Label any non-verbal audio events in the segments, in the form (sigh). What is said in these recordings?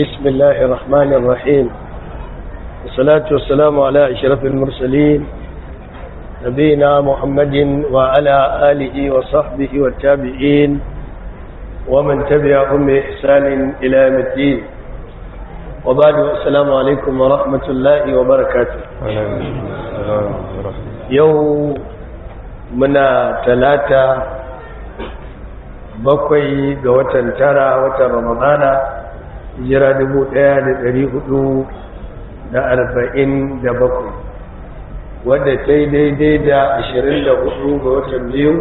بسم الله الرحمن الرحيم والصلاة والسلام على أشرف المرسلين نبينا محمد وعلى آله وصحبه والتابعين ومن تبعهم بإحسان إلى يوم الدين وبعد السلام عليكم ورحمة الله وبركاته السلام ورحمة الله يوم منا ثلاثة bakwai ga watan tara watan ramadana jira dubu ɗaya da ɗari hudu da arba'in da bakwai wadda ta yi daidai da ashirin da hudu ga watan biyu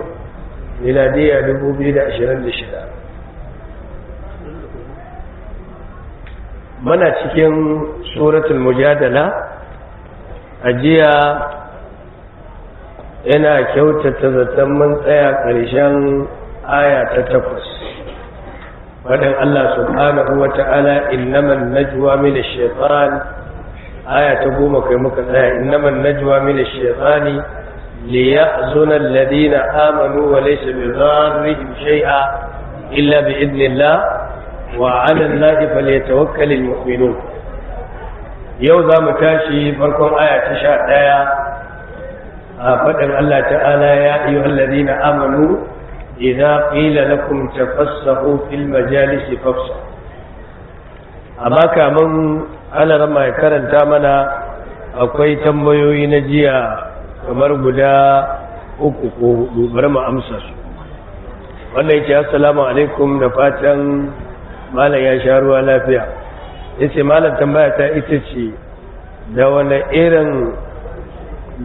miladiya dubu biyu da ashirin da shida mana cikin suratul mujadala ajiya yana kyautata zaton mun tsaya ƙarshen aya ta takwas faɗin Allah subhanahu wa ta'ala innaman najwa min ash-shaytan aya ta goma kai muka tsaya innaman najwa min ash-shaytani liyahzuna alladhina amanu wa laysa bidarrihim shay'a illa bi idnillah wa 'ala an-nasi falyatawakkalul mu'minun yau za mu tashi farkon aya ta sha ɗaya a faɗin Allah ta'ala ya iya na amanu إذا قيل لكم تفسحوا في المجالس فافسحوا amma kamun ana rama ya karanta mana akwai tambayoyi na jiya kamar guda uku ko hudu bari mu amsa su wannan yake assalamu alaikum da fatan malam ya sha ruwa lafiya yace malam tambaya ta ita ce da wani irin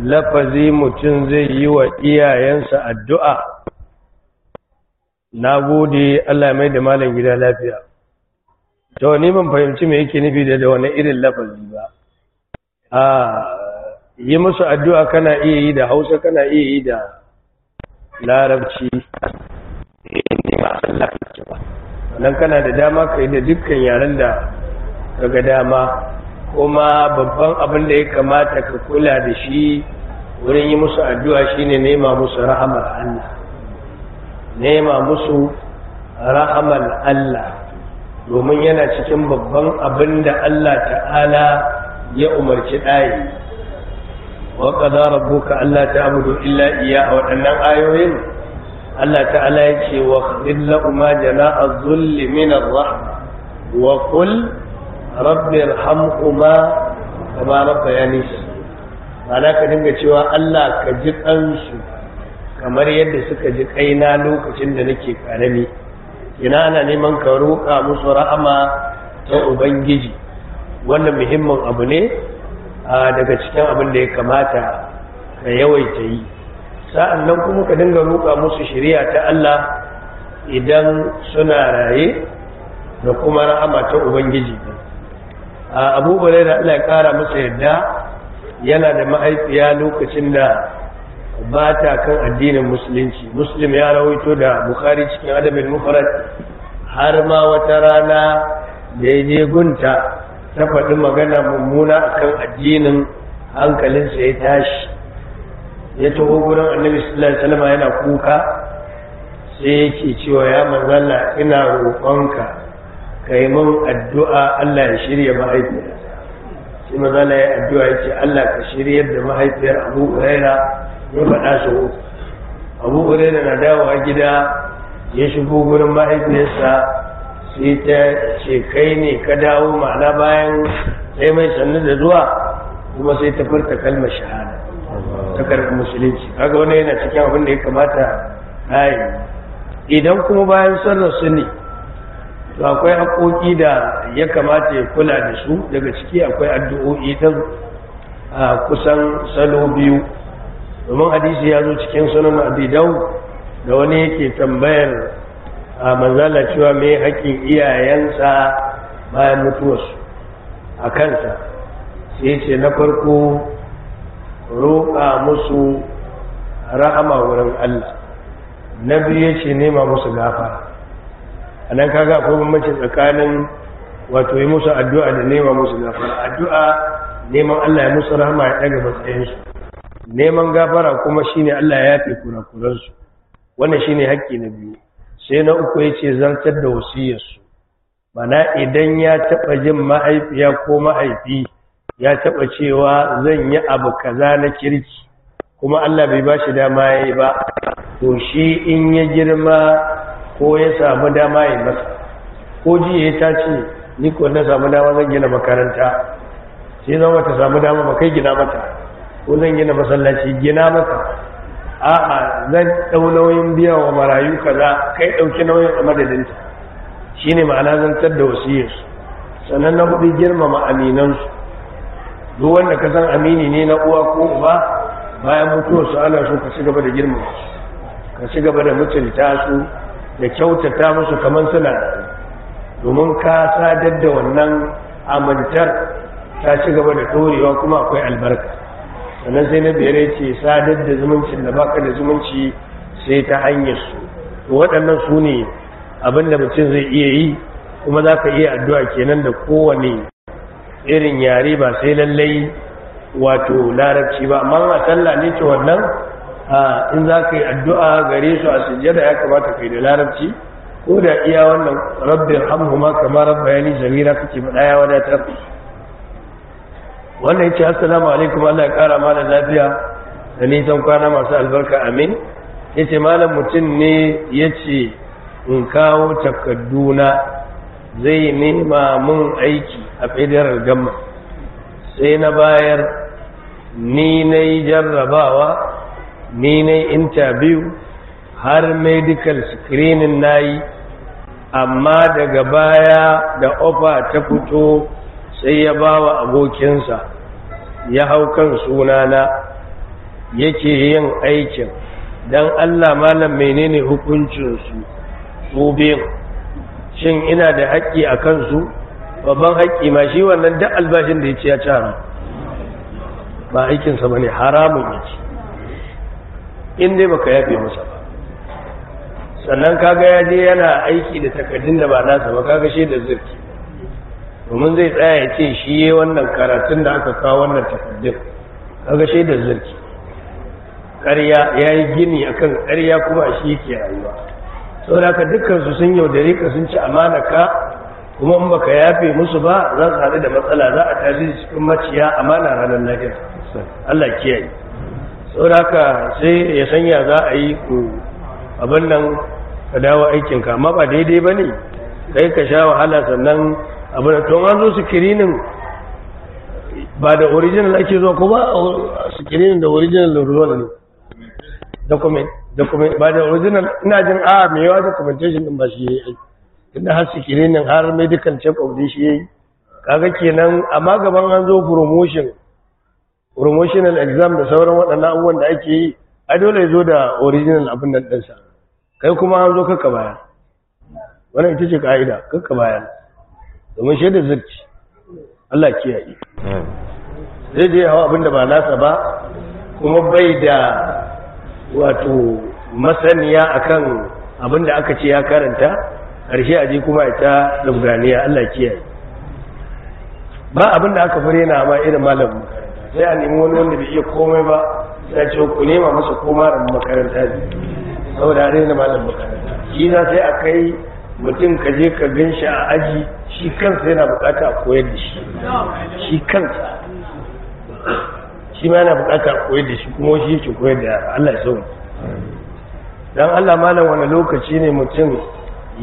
lafazi mutum zai yi wa iyayensa addu'a na gode Allah mai da malam gida lafiya to ni ban fahimci me yake nufi da wani irin lafazi ba a yi musu addu'a kana iya yi da Hausa kana iya yi da Larabci nan kana da dama ka yi da dukkan yaren da daga dama kuma babban abin da ya kamata ka kula da shi wurin yi musu addu'a shine nema musu rahamar Allah nema musu rahamar Allah domin yana cikin babban abin da Allah ta'ala ya umarci ɗaye wa rabu rabbuka Allah ta abudu illa iya a waɗannan ayoyin Allah ta'ala ya ce wa illa jana jana'a zulli min ar-rahma wa qul rabbi irhamhuma kama rabbayani ana ka dinga cewa Allah ka ji ɗansu kamar yadda suka ji kaina lokacin da nake karami ina ana neman ka roƙa musu rahama ta ubangiji wannan muhimmin abu ne daga cikin abin da ya kamata ka yawaita yi sa'an nan kuma ka dinga roƙa musu shari'a ta Allah idan suna raye da kuma rahama ta ubangiji abubuwa da Allah ya ƙara masa yadda yana da mahaifiya lokacin da ba ta kan addinin musulunci muslim ya rawaito da bukari cikin adabin mufarad har ma wata rana da ya je gunta ta faɗi magana mummuna kan addinin hankalinsa ya tashi ya taho wurin annabi sallallahu alaihi wasallam yana kuka sai yake cewa ya manzalla ina roƙonka kai min addu'a Allah ya shirya mahaifiyarsa sai manzalla ya addu'a yace Allah ka shiryar da mahaifiyar Abu Hurairah ya faɗa su abu da na dawowa gida ya shigo gurin mahaifiyarsa sai ta ce kai ne ka dawo ma'ana bayan sai mai sannu da zuwa kuma sai ta furta kalmar shahada ta karɓi musulunci kaga wani yana cikin abin da ya kamata ayi idan kuma bayan sallar su ne to akwai haƙoƙi da ya kamata ya kula da su daga ciki akwai addu'o'i ta kusan salo biyu domin hadisi ya zo cikin sunan abi da wani yake tambayar a manzala cewa me haƙƙin iyayensa bayan mutuwarsu a kansa sai ce na farko roƙa musu rahama wurin Allah na biyu ya ce nema musu gafara a nan kaga akwai mace tsakanin wato yi musu addu'a da nema musu gafara addu'a neman Allah ya musu rahama ya ɗaga matsayinsu neman gafara kuma shine Allah ya yafe kurakuransu wannan shine haƙƙi na biyu sai na uku ya ce zantar da su. Bana idan ya taɓa jin ma'aifiya ko ma'aifi ya taɓa cewa zan yi abu kaza na kirki kuma Allah bai ba shi dama ya yi ba to shi in ya girma ko ya samu dama ya masa ko ji ya ce ni ko na samu dama zan gina makaranta sai zama ta samu dama ba kai gina mata ko zan gina masallaci gina masa a'a zan ɗau nauyin biya wa marayu kaza kai ɗauki nauyin a madadinta shine ma'ana zantar da wasiyarsu sannan na hudu girmama aminansu duk wanda ka san amini ne na uwa ko uba bayan mutuwar su ana so ka ci gaba da girmama ka ci gaba da mutunta su da kyautata musu kamar suna domin ka sadar da wannan amintar ta ci gaba da ɗorewa kuma akwai albarka sannan sai na biyar ya ce sadar da zumuncin da baka da zumunci sai ta hanyar su waɗannan su ne abin da mutum zai iya yi kuma za ka iya addu'a kenan da kowane irin yare ba sai lallai wato larabci ba amma a sallah ne ce wannan in za ka yi addu'a gare su a da ya kamata kai da larabci ko da iya wannan rabbin ma kamar bayani jamila kake faɗa ya wadatar wannan ya ce assalamu alaikum Allah ya kara malam lafiya da nisan kwana masu albarka amin ya ce malam mutum ne ya ce in kawo takarduna zai nema mun aiki a federal gamma sai na bayar ni na yi jarrabawa ni na yi interview har medical screening na yi amma daga baya da ofa ta fito sai ya ba wa abokinsa ya hau kan sunana yake yin aikin don allah malam menene hukuncinsu su biyu shin ina da haƙƙi a kansu babban haƙƙi ma shi wannan duk albashin da ya ce ya ci ba aikinsa ba ne haramun ya ce in dai baka yafe masa ba sannan kaga yaje yana aiki da takardun da ba nasa ba kaga shi da zirki domin zai tsaya ya ce shi yi wannan karatun da aka kawo wannan takardun kaga shi da zarki ƙarya ya yi gini a kan ƙarya kuma shi yake rayuwa sau da aka dukkansu sun yaudare ka sun ci amana ka kuma in baka yafe musu ba za su haɗu da matsala za a tashi cikin maciya amana ranar lahira Allah kiyaye sau da aka sai ya sanya za a yi ku abin nan ka dawo aikinka amma ba daidai ba ne kai ka sha wahala sannan abu da tun an zo sikirinin ba da original ake zuwa ko ba sikirinin da original da ruwan ne document document ba da original ina jin a mai yawa documentation din ba shi ya yi inda har sikirinin har medical check up din shi ya yi kaga kenan amma gaban an zo promotion promotional exam da sauran waɗannan abubuwan da ake yi a dole zo da original abin nan ɗinsa kai kuma an zo kakka baya wannan ita ce ka'ida kakka baya domin shi da zirci Allah kiyaye zai je hawa abin da ba nasa ba kuma bai da wato masaniya akan abin da aka ce ya karanta ƙarshe aje kuma ita lubganiya Allah kiyaye ba abin da aka fure na ma irin malamin makaranta sai a nemi wani wanda bai iya komai ba sai ce ku nema masa ko malamin makaranta ne saboda a rena malamin makaranta shi za sai a kai mutum ka je ka gan shi a aji shi kansa yana bukata a koyar da shi shi kansa shi ma yana bukata a koyar da shi kuma shi yake koyar da yara Allah ya sauwa don Allah malam wani lokaci ne mutum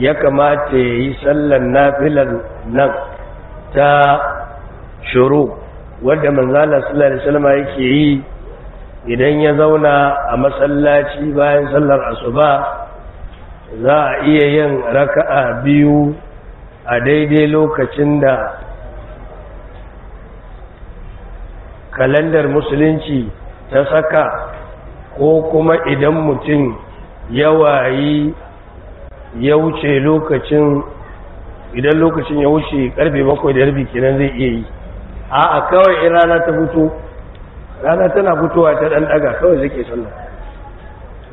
ya kamata ya yi sallan nafilar nan ta shuru wadda manzala sallar da salama yake yi idan ya zauna a masallaci bayan sallar asuba za a iya yin raka'a biyu a daidai lokacin da kalandar musulunci ta saka ko kuma idan mutum ya wayi ya wuce lokacin idan lokacin ya wuce karfe bakwai da yarbi kenan zai iya yi a kawai rana ta fito rana tana fitowa ta ɗanɗaga kawai zai ke sannan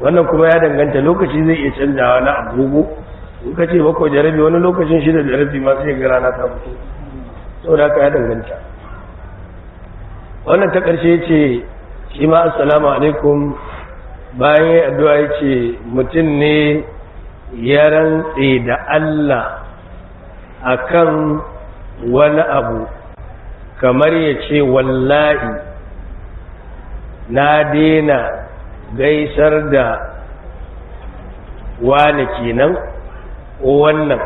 wannan kuma ya danganta lokaci zai iya canjawa na abubu in ka ce bakwai jarabi. wani lokacin shi da jarabi ma yin gara rana ta Sau da, aka ya danganta wannan ta ƙarshe ce shi ma assalamu alaikum bayan yi addu'a ya ce mutum ne ya rantse da Allah akan wani abu kamar ya ce wallahi na daina gaisar da wani kenan wannan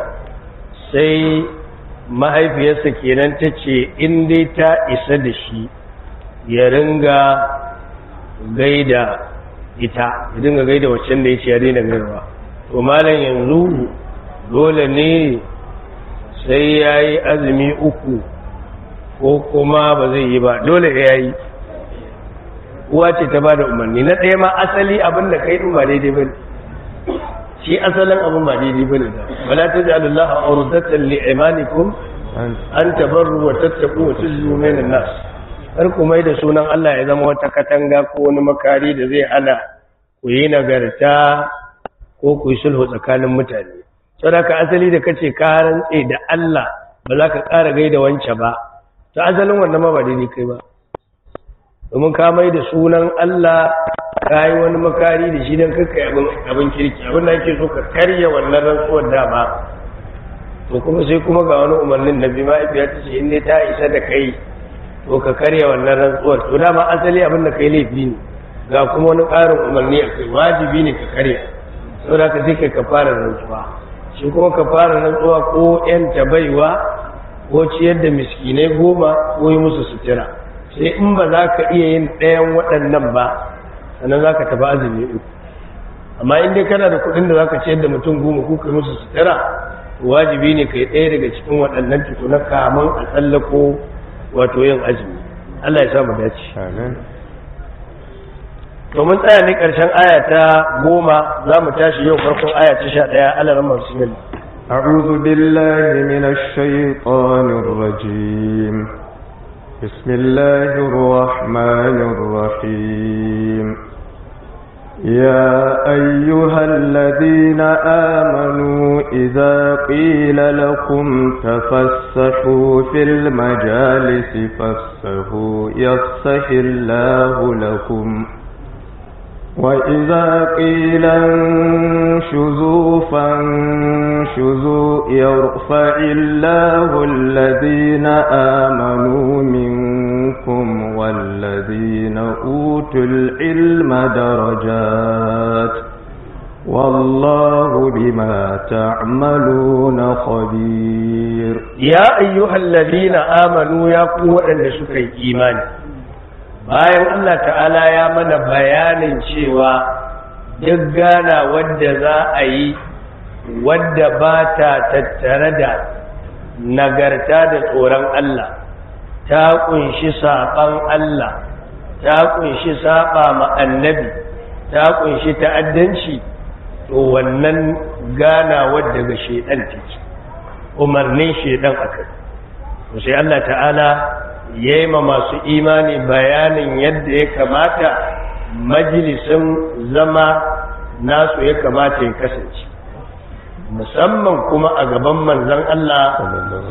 sai mahaifiyarsa kenan ta ce in dai ta isa da shi ya ringa gaida ita ya ringa gaida waccan da ya ce ya daina gairwa to malam yanzu dole ne sai ya yi azumi uku ko kuma ba zai yi ba dole ya yi uwa ce ta bada umarni na ɗaya ma asali abin da kai ba daidai ne. shi asalin abin ba daidai ba bane da wala a urdatan li'imanikum an tabarru wa tattaqu wa tuzu minan nas har ku mai da sunan Allah ya zama wata katanga ko wani makari da zai hana ku yi nagarta ko ku yi sulhu tsakanin mutane saboda asali da kace ka rantse da Allah ba za ka ƙara gaida wance ba ta asalin wannan ma ba daidai kai ba domin ka mai da sunan Allah ka yi wani makari da shi don kakka abin kirki abin da ake so ka karya wannan rantsuwar dama to kuma sai kuma ga wani umarnin na bi ma'aifiya ta ce in ta isa da kai to ka karya wannan rantsuwar to dama asali abin da kai laifi ne ga kuma wani ƙarin umarni a kai wajibi ne ka karya saboda ka sai ka fara rantsuwa shi kuma ka fara rantsuwa ko 'yan baiwa, ko ciyar da miskinai goma ko yi musu sutura sai in ba za ka iya yin ɗayan waɗannan ba sannan za ka tafi azumi uku amma in dai kana da kuɗin da za ka ciyar da mutum goma ko ka musu sutura wajibi ne ka yi ɗaya daga cikin waɗannan na kamun a tsallako wato yin azumi Allah ya samu dace to mun tsaya ne ƙarshen aya ta goma za mu tashi yau farkon aya ta sha ɗaya alaran masu yin أعوذ بالله من الشيطان الرجيم بسم الله الرحمن الرحيم يا أيها الذين آمنوا إذا قيل لكم تفسحوا في المجالس فافسحوا يفسح الله لكم وإذا قيل انشزوا فانشزوا يرفع الله الذين آمنوا منكم والذين أوتوا العلم درجات والله بما تعملون خبير يا أيها الذين آمنوا يا قوة لسكي إيماني bayan Allah ta'ala ya mana bayanin cewa duk gana wadda za a yi wadda ba ta tattare da nagarta da tsoron Allah ta kunshi saɓan Allah ta kunshi saɓa ma annabi ta kunshi ta'addanci to wannan gana wadda ga shedan take umarnin shedan akai sai Allah ta'ala yayi ma masu imani bayanin yadda ya kamata majalisin zama nasu ya kamata ya kasance musamman kuma a gaban manzon Allah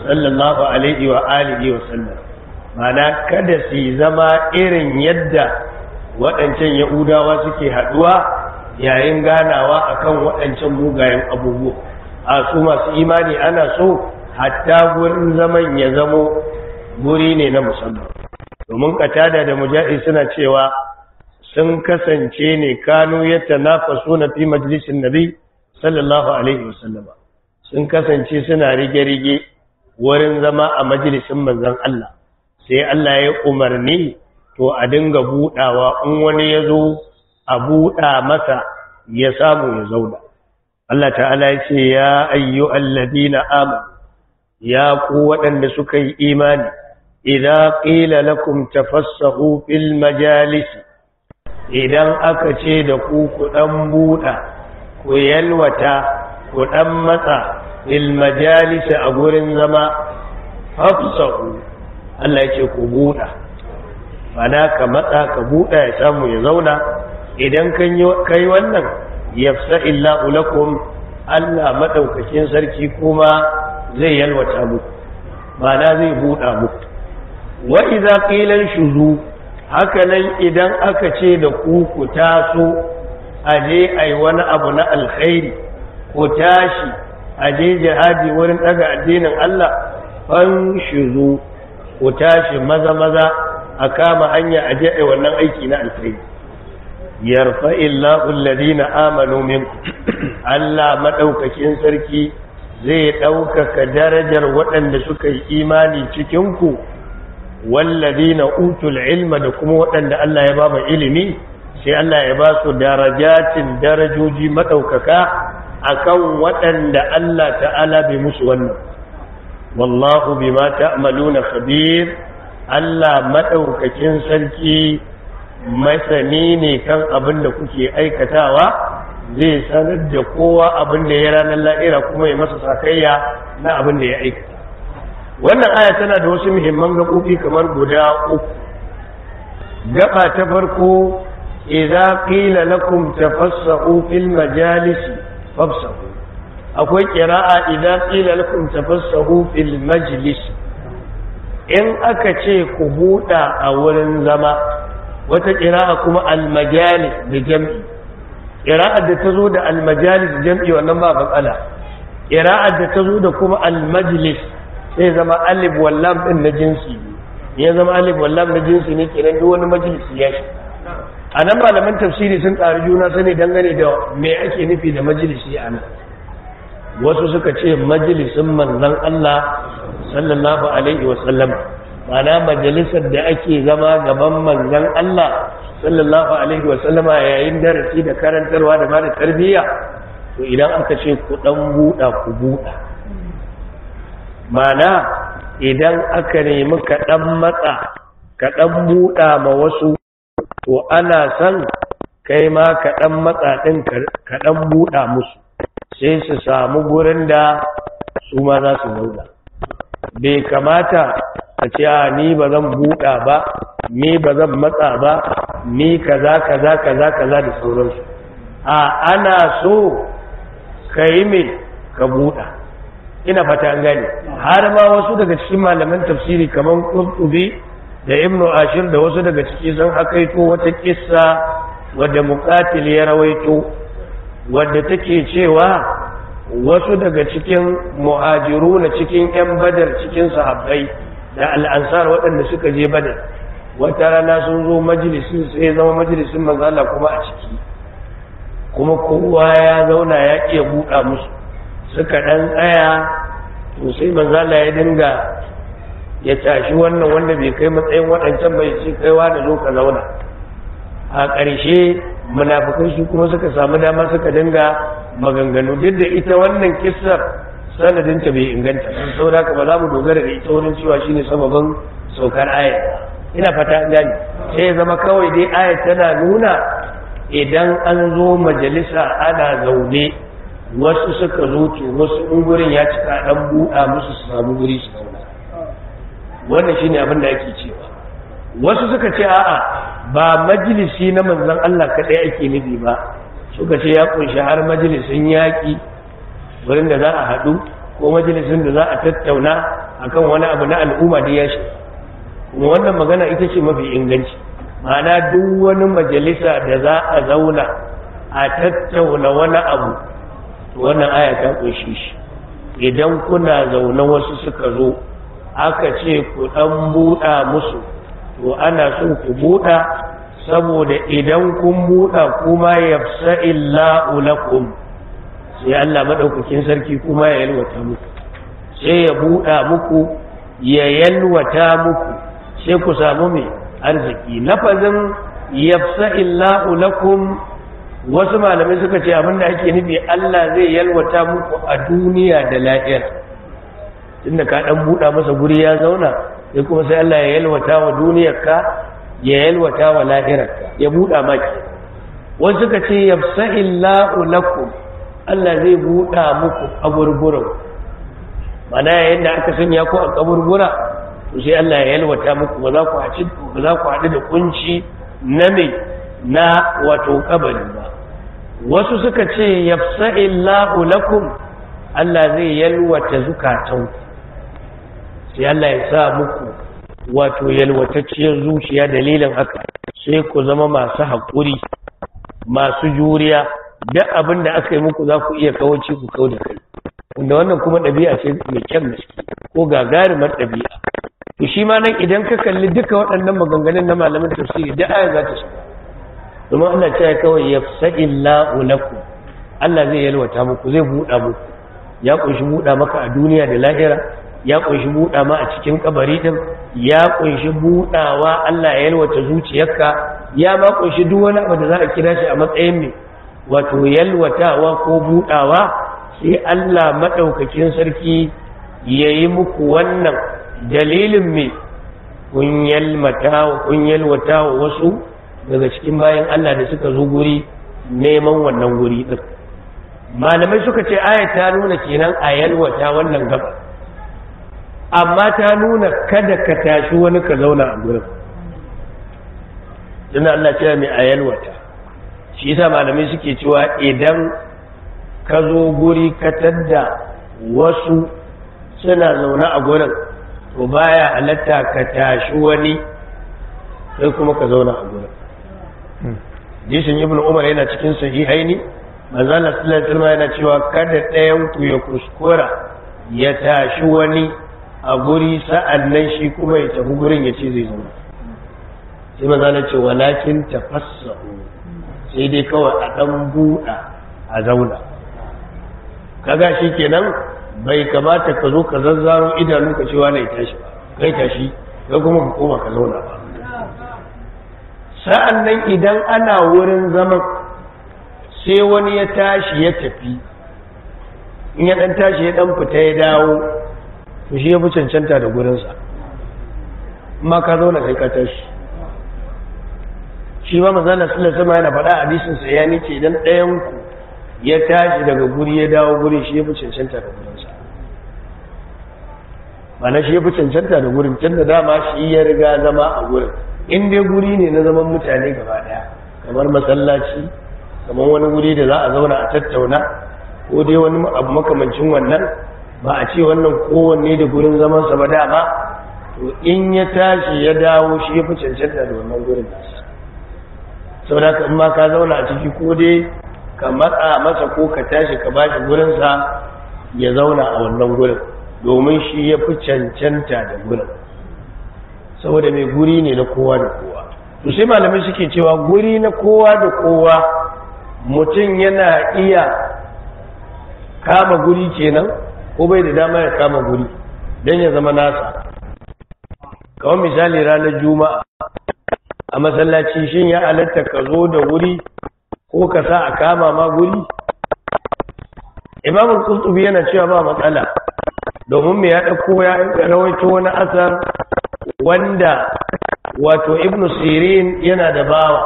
sallallahu alaihi wa alihi wa sallam mana kada su zama irin yadda waɗancan yahudawa suke haɗuwa yayin ganawa akan waɗancan mugayen abubuwa a su masu imani ana so hatta gurin zaman ya zamo guri ne na musamman domin katada da mujahi suna cewa sun kasance ne kanu yadda na faso na fi majalisun nabi sallallahu alaihi wasallama sun kasance suna rige-rige wurin zama a majalisun manzan Allah sai Allah ya umarni to a dinga buɗawa in wani ya zo a buɗa masa ya samu ya zauna Allah ta'ala ya ce ya ayyu alladina amanu ya ku waɗanda suka yi imani ƙila na lakum tafassahu fil majalis idan aka ce da ku ku dan buɗa, ku yalwata ku dan matsa fil a gurin zama hafsa'u, Allah ya ce ku buɗa. mana ka matsa ka buɗa ya samu ya zauna idan ka kai wannan fi sa'in lakum Allah maɗaukakin sarki kuma zai yalwata muku mana zai buɗa muku wa idza qilan shuzu hakanan idan aka ce da ku ku taso aje ai wani abu na alkhairi ku tashi aje jihadi wurin daga addinin Allah an shuzu ku tashi maza maza a kama hanya aje ai wannan aiki na alkhairi yarfa illahu alladhina amanu minkum (coughs) Allah madaukakin sarki zai ɗaukaka darajar waɗanda suka yi imani cikin ku na utul ilma da kuma waɗanda Allah ya ba ilimi sai Allah ya ba su darajatin darajoji madaukaka akan waɗanda Allah ta'ala bai musu wannan wallahu bima ta'maluna khabir Allah madaukakin sarki masani ne kan abin da kuke aikatawa zai sanar da kowa abin da ya ranar la'ira kuma ya masa sakayya na abin da ya aikata wannan aya tana da wasu muhimman gaɓoɓi kamar guda uku gaba ta farko idza qila lakum tafassahu fil majalis fafsahu akwai qira'a idza qila lakum tafassahu fil majlis in aka ce ku buɗa a wurin zama wata qira'a kuma al majalis da jam'i qira'a da ta zo da al majalis jam'i wannan ba bakala qira'a da ta zo da kuma al majlis sai zama alif wallam din na jinsi ya zama alif wallam na jinsi ne kenan duk wani majalisi ya shi a nan malaman tafsiri sun ƙari juna sani dangane da me ake nufi da majalisi a nan wasu suka ce majalisin manzon Allah sallallahu alaihi wa sallam mana majalisar da ake zama gaban manzon Allah sallallahu alaihi wa sallama yayin darasi da karantarwa da ba da tarbiyya to idan aka ce ku dan buɗa ku buɗa mana idan aka nemi kaɗan matsa kaɗan buɗa ma wasu to ana son kai ma kaɗan matsa ɗin kaɗan buɗa musu sai su samu gurin da su ma za su zauna bai kamata a ce a ni ba zan buɗa ba ni ba zan matsa ba ni kaza kaza kaza kaza da sauransu a ana so ka yi mai ka buɗa ina fata an gane har ma wasu daga cikin malaman tafsiri kamar qurtubi da ibnu ashir da wasu daga ciki sun hakaito wata kissa wadda muqatil ya rawaito wadda take cewa wasu daga cikin muhajiru na cikin yan badar cikin sahabbai da al'ansar waɗanda suka je badar wata rana sun zo majalisin sai zama majlisin manzala kuma a ciki kuma kowa ya zauna ya iya buɗa musu suka ɗan tsaya to sai manzala ya dinga ya tashi wannan wanda bai kai matsayin waɗancan bai ce kaiwa da zo zauna a ƙarshe munafukai shi kuma suka samu dama suka dinga maganganu duk da ita wannan kissar sanadinta bai inganta sun saura ka ba za mu dogara da ita wurin cewa shine sababin saukar aya ina fata gani sai ya zama kawai dai aya tana nuna idan an zo majalisa ana zaune wasu suka zuce wasu in gurin ya cika dan buɗa musu su samu guri su zauna wannan shine abin da ake cewa wasu suka ce a'a ba majalisi na manzon Allah kadai ake nufi ba suka ce ya kunshi har majalisin yaƙi wurin da za a haɗu ko majalisin da za a tattauna akan wani abu na al'umma da ya shi kuma wannan magana ita ce mafi inganci ma'ana duk wani majalisa da za a zauna a tattauna wani abu wannan aya ta kunshi shi idan kuna zaune wasu suka zo aka ce ku dan buɗa musu to ana so ku buɗa saboda idan kun buɗa kuma yafsa illahu lakum sai Allah madaukakin sarki kuma ya yalwata muku sai ya buɗa muku ya yalwata muku sai ku samu mai arziki lafazin yafsa illahu lakum wasu malamai suka ce abinda ake nufi Allah zai yalwata muku a duniya da la'ira tunda ka dan buɗa masa guri ya zauna sai kuma sai Allah ya yalwata wa duniyarka ya yalwata wa la'irarka ya buɗa maki wasu suka ce yafsahillahu lakum Allah zai buɗa muku a gurgurun mana yayin da aka sanya ku a kaburbura to sai Allah ya yalwata muku ba za ku haɗu da kunci na mai na wato kabari ba wasu suka ce yafsa'illahu lakum Allah zai yalwata zukatan sai Allah ya sa muku wato yalwatacciyar zuciya dalilin haka sai ku zama masu haƙuri masu juriya duk abin da aka yi muku za ku iya kawace ku kau da kai wanda wannan kuma ɗabi'a ce mai kyan gaske ko gagarumar ɗabi'a to shi ma nan idan ka kalli duka waɗannan maganganun na malamin tafsiri da aya za ta shiga kuma Allah cewa kawai ya sadi Allahu Allah zai yalwata muku zai buɗa muku ya kunshi buɗa maka a duniya da lahira ya kunshi buɗa ma a cikin kabari din ya kunshi buɗawa Allah ya yalwata zuciyarka ya ma kunshi duk wani abu da za a kira shi a matsayin mai wato yalwatawa ko buɗawa sai Allah maɗaukakin sarki ya yi muku wannan dalilin mai kun yalwata wasu daga cikin bayan Allah da suka zo guri neman wannan guri din malamai suka ce aya ta nuna kenan a yalwata wannan gaba amma ta nuna kada ka tashi wani ka zauna a gurin dan Allah ce mai a yalwata shi yasa malamai suke cewa idan ka zo guri ka tadda wasu suna zaune a gurin to baya halatta ka tashi wani sai kuma ka zauna a gurin jishin ibnu umar yana cikin sahihai ne Allah sallallahu yana cewa kada ɗayan ku ya kuskura ya tashi wani a guri sa'an nan shi kuma ya tafi gurin ya ce zai zo sai Manzana Allah ce walakin tafassahu sai dai kawai a dan buɗa a zauna kaga shi kenan bai kamata ka zo ka zazzaro idanun ka cewa na tashi ba kai tashi kai kuma ka koma ka zauna ba sa'an nan idan ana wurin zaman sai wani ya tashi ya tafi in ya ɗan tashi ya ɗan fita ya dawo to shi ya fi cancanta da gurinsa ma ka zauna kai ka tashi shi ba mazana sallar sama yana faɗa a hadisin ya nice idan ɗayan ku ya tashi daga guri ya dawo guri shi ya fi cancanta da gurinsa mana shi ya fi cancanta da gurin can da dama shi ya riga zama a gurin in dai guri ne na zaman mutane gaba daya kamar masallaci kamar wani guri da za a zauna a tattauna ko dai wani abu makamancin wannan ba a ce wannan kowanne da gurin zaman sa ba ba to in ya tashi ya dawo shi ya fi cancanta da wannan gurin nasa saboda ka ma ka zauna a ciki ko dai ka matsa masa ko ka tashi ka bashi gurinsa ya zauna a wannan gurin domin shi ya fi cancanta da gurin saboda mai guri ne na kowa da kowa to sai malamai suke cewa guri na kowa da kowa mutum yana iya kama guri kenan ko bai da dama ya kama guri don ya zama nasa kawai misali ranar juma'a a masallaci shin ya alatta ka zo da wuri ko ka sa a kama ma guri imamul kustubi yana cewa ba matsala domin me ya dauko ya rawaito wani asar wanda wato ibn sirin yana da bawa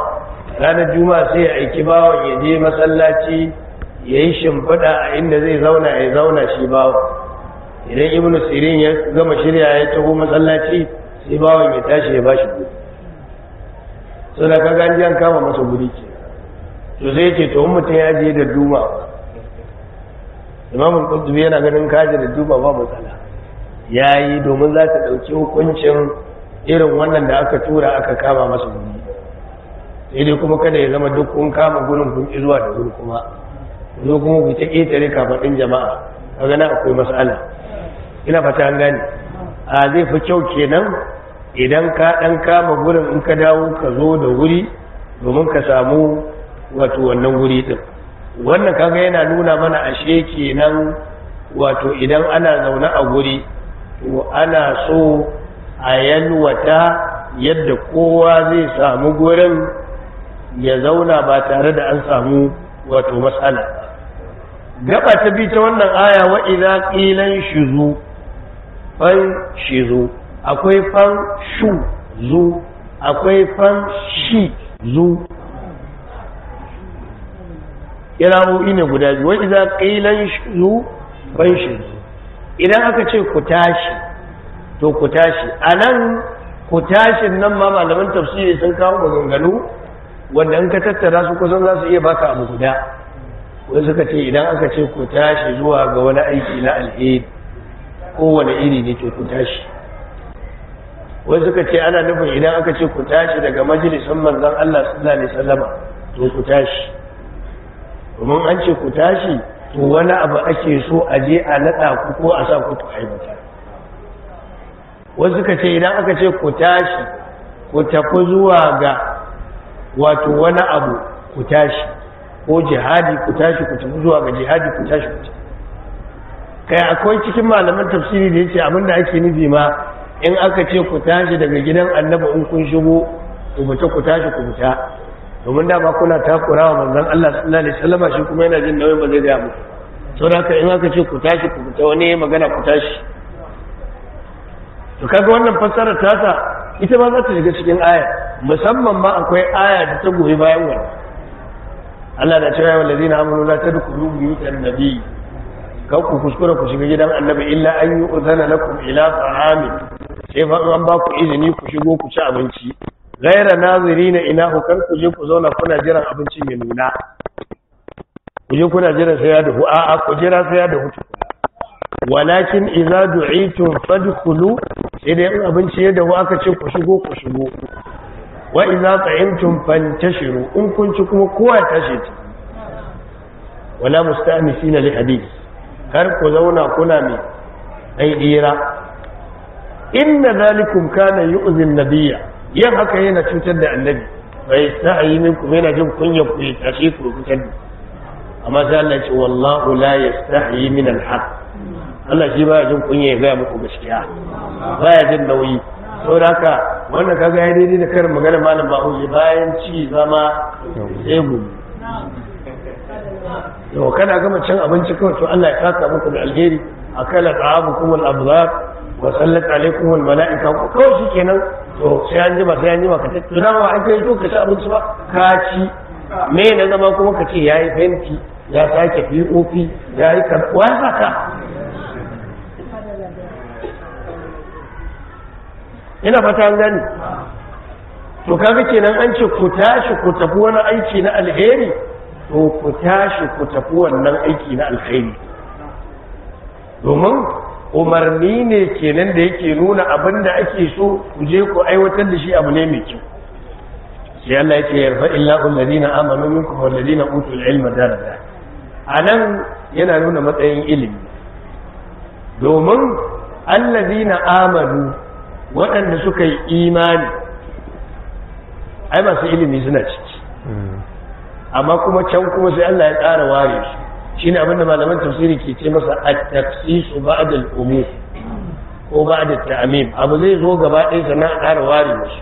ranar juma'a sai ya aiki bawa ya je masallaci ya yi shimfiɗa a inda zai zauna ya zauna shi bawa idan ibn sirin ya gama shirya ya taho masallaci sai bawan ya tashi ya ba shi guri suna ka kaga kama masa guri ke to sai ce to mutum ya je da duma imamun qurtubi yana ganin kaji da duma ba matsala ya yi domin za ta ɗauki hukuncin irin wannan da aka tura aka kama masa guni sai dai kuma kada ya zama duk kun kama gurin kun zuwa da gurin kuma zo kuma ku ta ƙetare kafaɗin jama'a ka gana akwai matsala ina fata an gane a zai fi kyau kenan idan ka ɗan kama gurin in ka dawo ka zo da wuri domin ka samu wato wannan wuri ɗin wannan kaga yana nuna mana ashe kenan wato idan ana zaune a guri to ana so a yalwata yadda kowa zai samu gurin ya zauna ba tare da an samu wato matsala gaba ta bi ta wannan aya wa idza qilan shuzu fan shizu akwai fan shu zu akwai fan shi zu kira'o'i ne guda biyu wa idza qilan shuzu fan shizu idan aka ce ku tashi to ku tashi a nan ku tashin nan ma malaman tafsiri sun kawo maganganu wanda in ka tattara su kusan za su iya baka abu guda wani suka ce idan aka ce ku tashi zuwa ga wani aiki na alheri kowane iri ne ke ku tashi wani suka ce ana nufin idan aka ce ku tashi daga majalisan manzan Allah sallallahu alaihi wasallama to ku tashi domin an ce ku tashi to wani abu ake so a je a naɗa ku ko a sa ku ku aibata wasu ka ce idan aka ce ku tashi ku tafi zuwa ga wato wani abu ku tashi ko jihadi ku tashi ku tafi zuwa ga jihadi ku tashi ku tafi kai akwai cikin malaman tafsiri da yace abin da ake nufi ma in aka ce ku tashi daga gidan annabi in kun shigo ku fita ku tashi ku fita domin dama kuna takura wa manzon Allah sallallahu alaihi wasallam shi kuma yana jin nauyin ba zai ga mu saboda haka in aka ce ku tashi ku fita wani magana ku tashi to kaga wannan fassarar tasa ita ba za ta shiga cikin aya musamman ma akwai aya da ta goyi bayan wannan Allah na cewa yawan ladina amanu la tadkhulu buyutan nabi ka ku kuskura ku shiga gidan annabi illa an yu'zana lakum ila ta'amin sai fa an ba ku izini ku shigo ku ci abinci gaira naziri na ina hukar ku je ku zauna kuna jiran abinci mai nuna ku je kuna jiran sai ya dahu a'a ku jira sai ya dahu walakin idza du'itu fadkhulu sai dai abinci ya dahu aka ce ku shigo ku shigo wa idza ta'imtum fantashiru in kun ci kuma kowa tashi ci wala musta'misina li hadith kar ku zauna kuna mai ai dira inna zalikum kana yu'zi an-nabiyya yin haka yana cutar da annabi bai sa'ayi minkum yana jin kunya ku ya tashi ku rubuta ni amma sai Allah ya ce wallahu la yastahi min al-haq Allah shi baya jin kunya ya gaya muku gaskiya baya jin nauyi saboda haka wannan kaga ya daidai da karin magana malam Bahaushe bayan ci zama sai mu yau kana gama cin abinci kawai to Allah ya saka muku da alheri akala ta'abukum al-abdar Wasallat sallat alaikum wal mala'ika ko shi kenan to sai an sai an ka ta to an kai to ka ci abinci ba ka ci me na zama kuma ka ce yayi fenti ya sake pop yayi karwa haka ina fata an gani to kaga kenan an ce ku tashi ku tafi wani aiki na alheri to ku tashi ku tafi wannan aiki na alheri domin umarni ne kenan da yake nuna abin da ake so ku je ku aiwatar da shi abu ne mai kyau sai Allah ya ce yarfa illa alladhina amanu minkum walladhina utul ilma daraja anan yana nuna matsayin ilimi domin alladhina amanu waɗanda suka yi imani ai masu ilimi suna ciki hmm. amma kuma can kuma sai Allah ya tsara ware su shine abin da malaman tafsiri ke ce masa a tafsisu ba'da da umur ko ba'da da tamim abu zai zo gaba ɗaya sana ƙara ware musu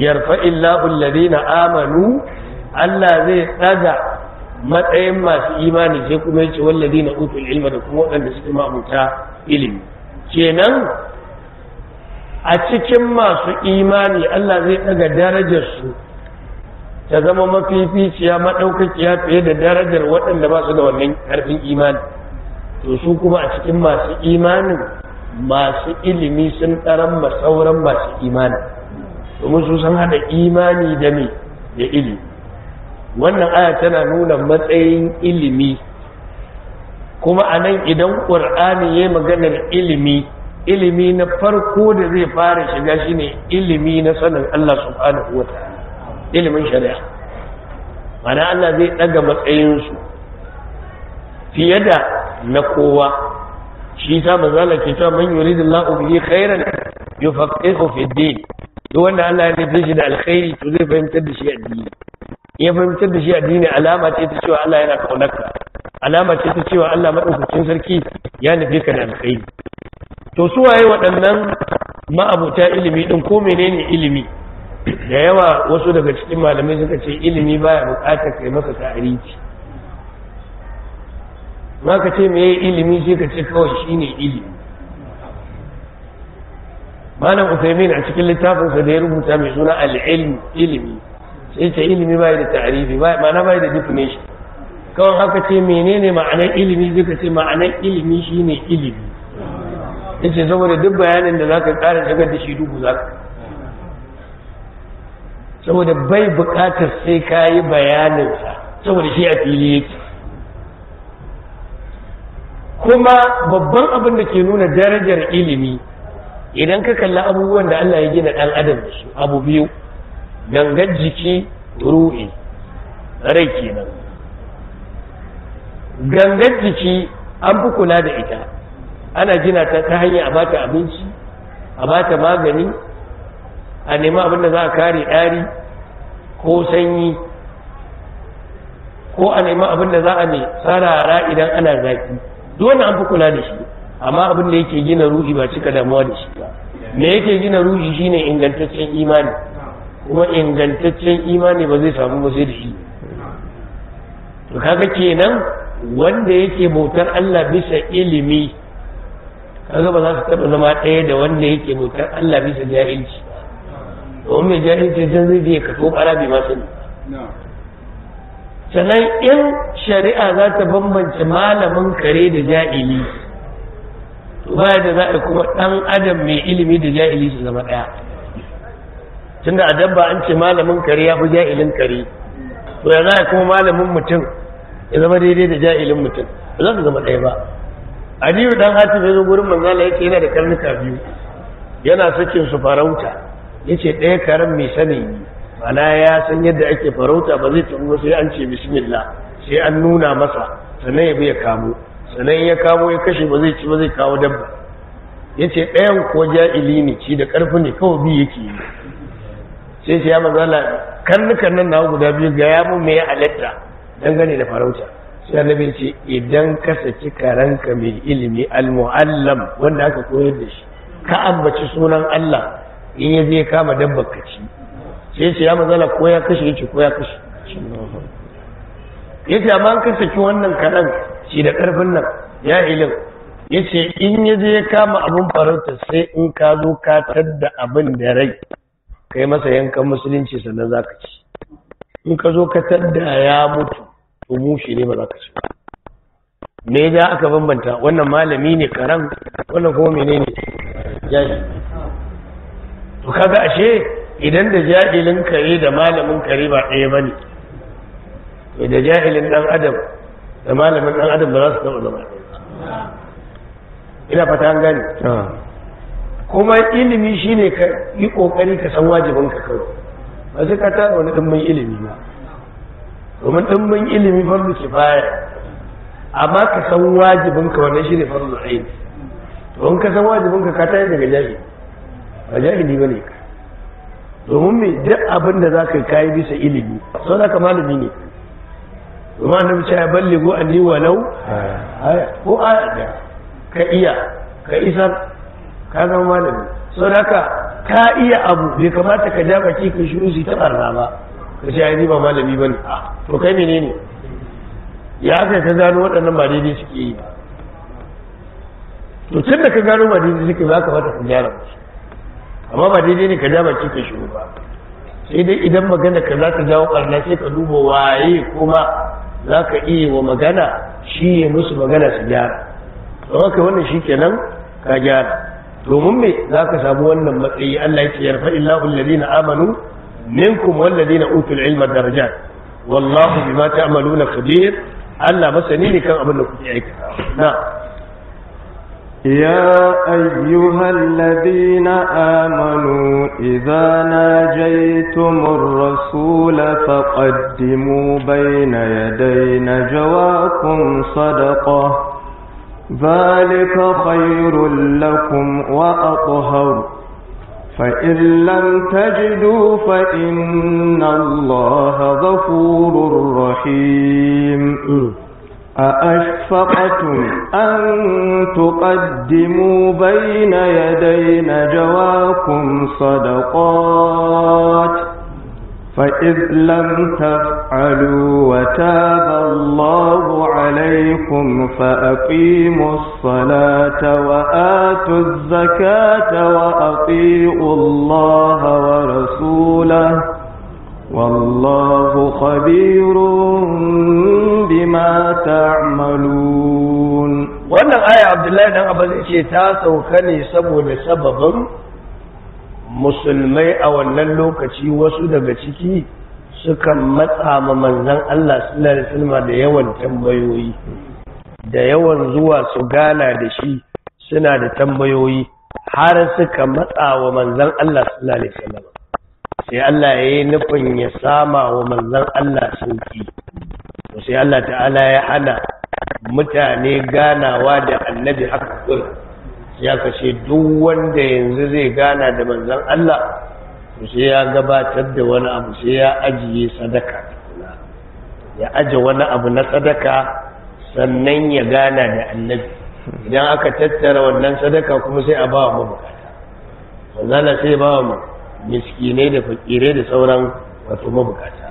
yarfa illahu alladhina amanu Allah zai tsaga matsayin masu imani sai kuma yace na utul ilma da kuma waɗanda suke mabuta ilimi kenan a cikin masu imani Allah zai ɗaga darajar su ta zama mafificiya maɗaukakiya fiye da darajar waɗanda ba su da wannan ƙarfin imani to su kuma a cikin masu imanin masu ilimi sun ɗaran sauran masu imani domin su san haɗa imani da me da ilimi wannan aya tana nuna matsayin ilimi kuma a nan idan ƙur'ani ya yi maganar ilimi ilimi na farko da zai fara shiga shine ilimi na sanin allah subhanahu wa ta'ala ilimin shari'a mana Allah zai daga matsayinsu fiye da na kowa shi ta mazala ke ta man yuridillahu yi khairan faɗe fi din duk wanda Allah ya fi shi da alkhairi to zai fahimtar da shi addini ya fahimtar da shi addini alama ce ta cewa Allah yana kaunarka alama ce ta cewa Allah maɗaukacin sarki ya nufi ka da alkhairi to su waye waɗannan ma'abuta ilimi ɗin, ko menene ilimi da yawa wasu daga cikin malamai suka ce ilimi baya bukatar kai masa ta'arifi ma ka ce meye ilimi sai ka ce kawai shine ilimi malam usaimin a cikin littafinsa da ya rubuta mai suna al'ilmi ilimi sai ce ilimi baya da ta'arifi ma'ana baya da definition kawai haka ce menene ma'anar ilimi zai ka ce ma'anar ilimi shine ilimi ce saboda duk bayanin da za ka kara shagar da shi za ka. saboda bai buƙatar sai ka yi bayaninsa saboda shi a fili yake kuma babban abin da ke nuna darajar ilimi idan ka kalli abubuwan da Allah ya gina ɗan adam da su abu biyu gangan jiki ru'i rai kenan gangan jiki an fi kula da ita ana gina ta ta hanyar a bata abinci a bata magani a nemi abin da za a kare ɗari ko sanyi ko a nemi abin da za a ne sarara idan ana zafi dole an fi kula da shi amma abin da yake gina ruhi ba cika damuwa da shi ba me yake gina ruhi shine ingantaccen imani kuma ingantaccen imani ba zai samu ba sai da shi to kaga kenan wanda yake bautar Allah bisa ilimi kaga ba za su taba zama ɗaya da wanda yake bautar Allah bisa jahilci domin mai ce zan zai biya kafin arabi bai ma sannan in shari'a za ta bambance malamin kare da ja'ili ba da za a kuma ɗan adam mai ilimi da ja'ili su zama ɗaya tunda a dabba an ce malamin kare ya fi ja'ilin kare to ya za a kuma malamin mutum ya zama daidai da ja'ilin mutum ba za su zama ɗaya ba aliyu dan hatim ya zo gurin manzala yake yana da karnuka biyu yana sakin su farauta ya ce ɗaya karen mai sani mana ya san yadda ake farauta ba zai tafi ba sai an ce bismillah sai an nuna masa sannan ya bi ya kamo sannan ya kamo ya kashe ba zai ci ba zai kawo dabba ya ce ɗayan ko ja'ili ne ci da ƙarfi ne kawai bi yake yi sai sai ya mazala karnukan nan na guda biyu ga ya mu mai halatta dangane da farauta sai annabi ce idan ka saki karanka mai ilimi al-mu'allam wanda aka koyar da shi ka ambaci sunan Allah in yi zai kama dabbar ka ci sai ce ya mazala ko ya kashe yace ko ya kashe yace amma an kashe ki wannan karan shi da karfin nan ya ilin yace in yi zai kama abin farauta sai in ka zo ka tadda abin da rai kai masa yankan musulunci sannan za ka ci in ka zo ka tadda ya mutu to mushi ne ba za ka ci ba me ya aka bambanta wannan malami ne karan wannan kuma menene jahi to kaga ashe idan da jahilin kare da malamin kare ba ɗaya ne, to da jahilin ɗan adam da malamin ɗan adam ba za su taɓa zama ina fata an gane ah. kuma ilimi shine ka yi ƙoƙari ka san wajibin ka kawai ba sai ka tara wani dimbin ilimi ba domin dimbin ilimi fardu fara amma ka san wajibin ka wannan shine fardu aini to in ka san wajibin ka ka tare daga jahili ba jahili ba ne ka domin me duk abin da za ka kayi bisa ilimi sau da ka malami ne domin annabi ce ya ah. ko an yi walau ko aya da ka iya ka isar ka zama malami sau da ka ka iya abu bai kamata ka ja baki ka shiru su ta barna ba ka ce ya ba malami ba ne ah, to kai ne ya kai ka gano waɗannan ba daidai suke yi ba to tun da ka gano ba daidai suke ba ka wata ku gyara musu amma ba daidai ne ka ja baki ka ba sai dai idan magana ka za ta jawo ɓarna sai ka duba waye kuma za ka iya wa magana shi ya musu magana su gyara don haka wannan shi kenan ka gyara domin me za ka samu wannan matsayi Allah ya ce yarfa illahu alladhina amanu minkum na utul ilma darajat wallahu bima ta'maluna khabir Allah masani ne kan abin da kuke aikata na يا أيها الذين آمنوا إذا ناجيتم الرسول فقدموا بين يدي نجواكم صدقة ذلك خير لكم وأطهر فإن لم تجدوا فإن الله غفور رحيم أأشفقتم أن تقدموا بين يدي نجواكم صدقات فإذ لم تفعلوا وتاب الله عليكم فأقيموا الصلاة وآتوا الزكاة وأطيعوا الله ورسوله والله خبير بما تعملون wannan aya abdullahi dan abbas ce ta sauka ne saboda sababin musulmai a wannan lokaci wasu daga ciki suka matsa ma manzan Allah sallallahu alaihi wasallam da yawan tambayoyi da yawan zuwa su gana da shi suna da tambayoyi har suka matsa wa manzan Allah sallallahu alaihi wasallam sai Allah ya yi nufin ya sama wa manzan Allah sauki to sai Allah ta'ala ya hana mutane ganawa da annabi haka kun ya kashe duk wanda yanzu zai gana da manzan Allah to sai ya gabatar da wani abu sai ya ajiye sadaka ya aje wani abu na sadaka sannan ya gana da annabi idan aka tattara wannan sadaka kuma sai a ba wa mabukata manzana sai ba wa mabukata miskinai da fakirai da sauran wato mabukata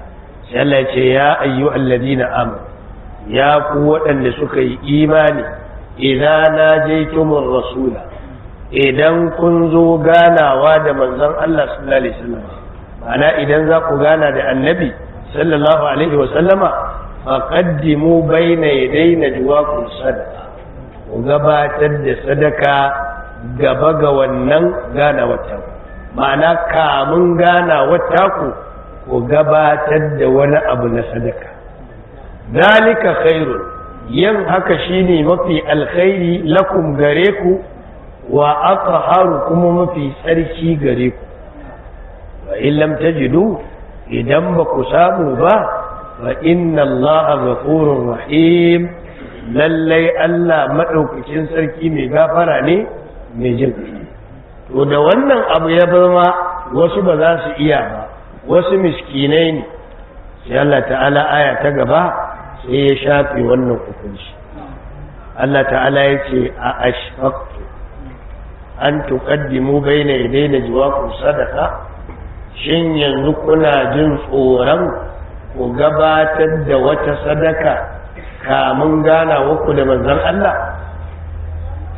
sai Allah ya ce ya ayyu alladina amu ya ku waɗanda suka yi imani idan najaytumur rasula idan kun zo ganawa da manzon Allah sallallahu alaihi wasallam ma'ana idan za ku gana da annabi sallallahu alaihi wasallama qaddimu bayna yaday najwaakum sadaqa ku gabatar da sadaka gaba ga wannan ganawar ta ma'ana kamun gana wata ku ko gabatar da wani abu na sadaka dalika khairun yin haka shine mafi alkhairi lakum gare ku wa haru kuma mafi tsarki gare ku wa in tajidu idan ba ku samu ba fa inna allaha ghafurur rahim lallai Allah maɗaukacin sarki mai gafara ne mai jin to da wannan abu ya bar ma wasu ba za su iya ba wasu miskinai ne sai Allah ta'ala aya ta gaba sai ya shafe wannan hukunci Allah ta'ala ya ce a ashfaqtu an tuqaddimu baina yadayna jiwakum sadaqa shin yanzu kuna jin tsoron ku gabatar da wata sadaka kamun gana ku da manzon Allah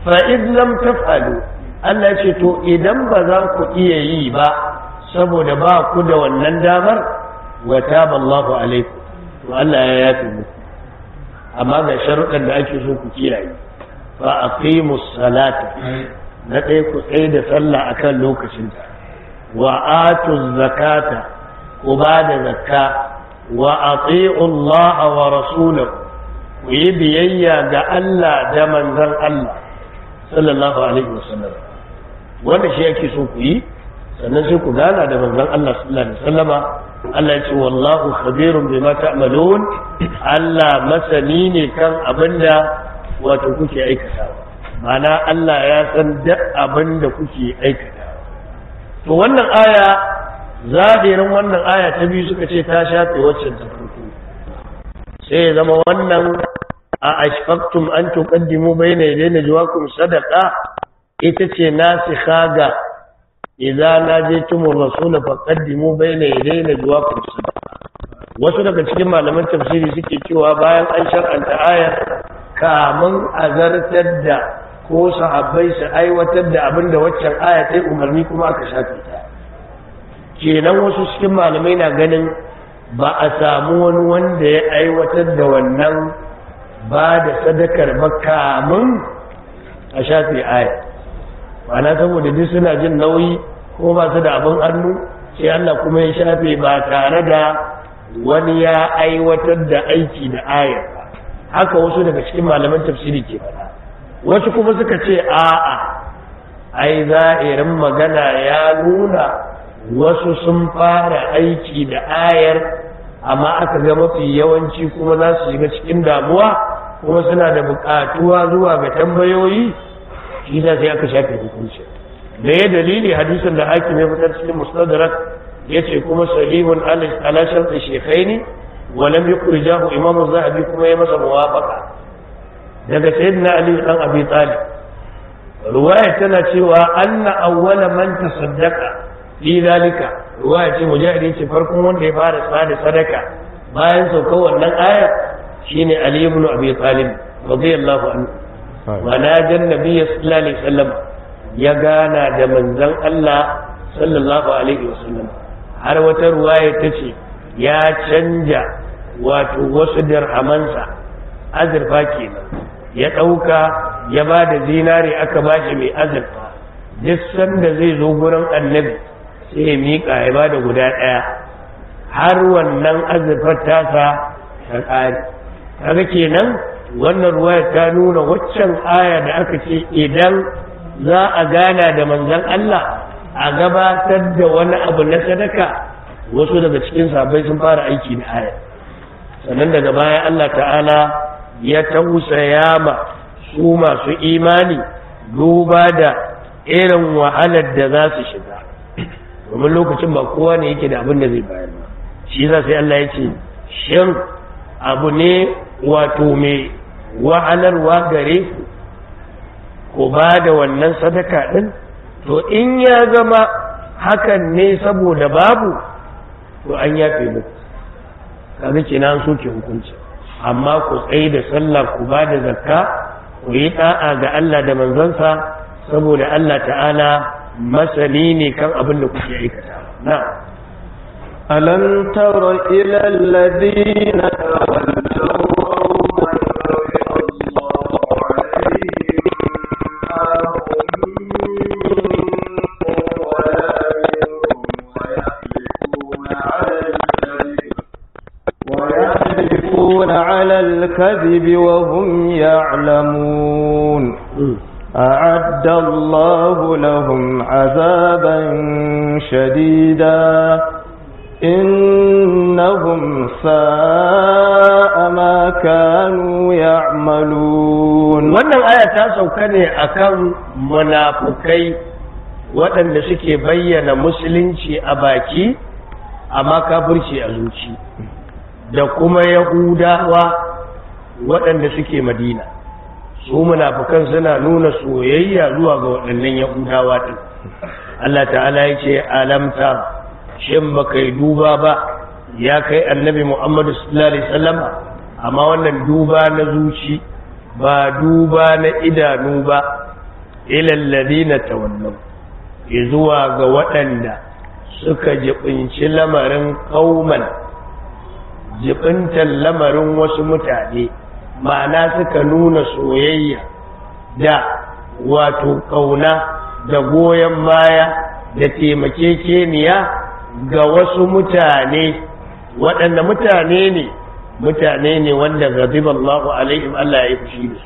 fa lam taf'alu Allah ya ce to idan ba za ku iya yi ba saboda ba ku da wannan damar wa taballahu alaikum to Allah ya yafi muku amma ga sharuɗan da ake so ku kiyaye fa aqimus salata na ɗaya ku tsaye da sallah akan lokacinta wa atuz zakata ku ba da zakka wa ati'u Allah wa rasulahu ku yi biyayya ga Allah da manzon Allah sallallahu alaihi wasallam wanda shi yake so ku yi sannan sai ku gana da manzon Allah sallallahu alaihi wasallama Allah ya ce wallahu khabirun bima ta'malun Allah masani ne kan abinda wato kuke aikata mana Allah ya san duk abinda kuke aikata to wannan aya zahirin wannan aya ta biyu suka ce ta shafe waccan ta farko sai ya zama wannan a ashfaqtum an tuqaddimu bayna yadayna jawakum sadaqa ita ce nasikha ga idza najaytumur rasul faqaddimu bayna yadayna jawakum wasu daga cikin malaman tafsiri suke cewa bayan an shar'anta ayar kamun azartar da ko sahabbai su aiwatar da abin da waccan aya ta umarni kuma aka shafe ta kenan wasu cikin malamai na ganin ba a samu wani wanda ya aiwatar da wannan ba da sadakar ba kamun a shafe aya ma'ana saboda duk suna jin nauyi ko ba su da abin hannu sai Allah kuma ya shafe ba tare da wani ya aiwatar da aiki da ayar ba haka wasu daga cikin malaman tafsiri ke faɗa wasu kuma suka ce a'a ai za za'irin magana ya nuna wasu sun fara aiki da ayar amma aka ga mafi yawanci kuma za su shiga cikin damuwa kuma suna da buƙatuwa zuwa ga tambayoyi shi sai aka shafe hukunci da ya dalili hadisin da hakim ya fitar cikin musnadarat ya ce kuma sahihun ala sharti shekhaini wa lam yukhrijahu imamu zahabi kuma ya masa muwafaqa daga sayyidina ali dan abi talib ruwaya tana cewa anna awwala man tasaddaqa fi zalika ruwaya ce mujahidi ce farkon wanda ya fara tsada sadaka bayan saukar wannan ayar shine ali ibn abi talib radiyallahu anhu wana jan nabi sallallahu alaihi wasallam ya gana da manzon Allah sallallahu alaihi wasallam har wata ruwaya tace ya canja wato wasu dirhamansa azurfa kenan ya ɗauka ya ba da zinare aka ba shi mai azurfa duk sanda zai zo gurin annabi sai ya miƙa ya ba da guda ɗaya har wannan azurfar tasa ta ƙare kaga kenan wannan ruwaya ta nuna waccan aya da aka ce idan za a gana da manzan Allah a gabatar da wani abu na sadaka wasu daga cikin sabai sun fara aiki da aya sannan daga baya Allah ta'ala ya tausaya ma su masu imani duba da irin wahalar da za su shiga domin lokacin ba kowa ne yake da abin da zai bayar ba shi yasa sai Allah ya ce shin abu ne wato mai wahalarwa gare ku ku ba da wannan sadaka ɗin to in ya zama hakan ne saboda babu to an yafe muku kaga kina an soke hukunci amma ku tsaye da sallah ku ba da zakka ku yi da'a ga Allah da manzansa saboda Allah ta'ala masani ne kan abin da kuke aikata na ألم تر إلى الذين تولوا يحملون على الكذب وهم يعلمون أعد الله لهم عذابا شديدا إنهم ساء ما كانوا يعملون wannan aya ta sauka ne akan munafukai waɗanda suke bayyana musulunci a baki amma kafirci a zuci da kuma yahudawa waɗanda suke madina su munafukan suna nuna soyayya zuwa ga waɗannan yahudawa ɗin Allah ta'ala ya ce alamta shin ba kai duba ba ya kai annabi muhammadu sallallahu alaihi wasallam amma wannan duba na zuci ba duba na idanu ba ilallazi na tawallau zuwa ga waɗanda suka jibinci lamarin kauman jibintar lamarin wasu mutane ma'ana suka nuna soyayya da wato kauna da goyon baya da taimakekeniya ga wasu mutane waɗanda mutane ne mutane ne wanda gazib Allahu alaihim Allah ya yi fushi da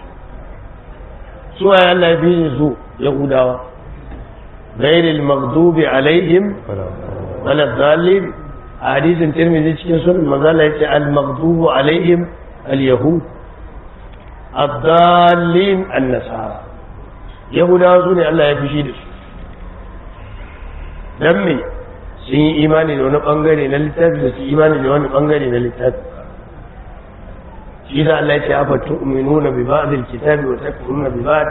su su ya Allah bi su gudawa. gairil magdubi alaihim wala zalibi a hadisin tirmidhi cikin sunan manzala yace al-maghdubu alaihim al-yahud ad-dallin an-nasara yahudawa su ne Allah ya fushi da su dan me sun yi imani da wani bangare na littafi da su imani da wani bangare na littafi shi Allah ya ce afa tu'minuna bi ba'd al-kitabi wa takfuruna bi ba'd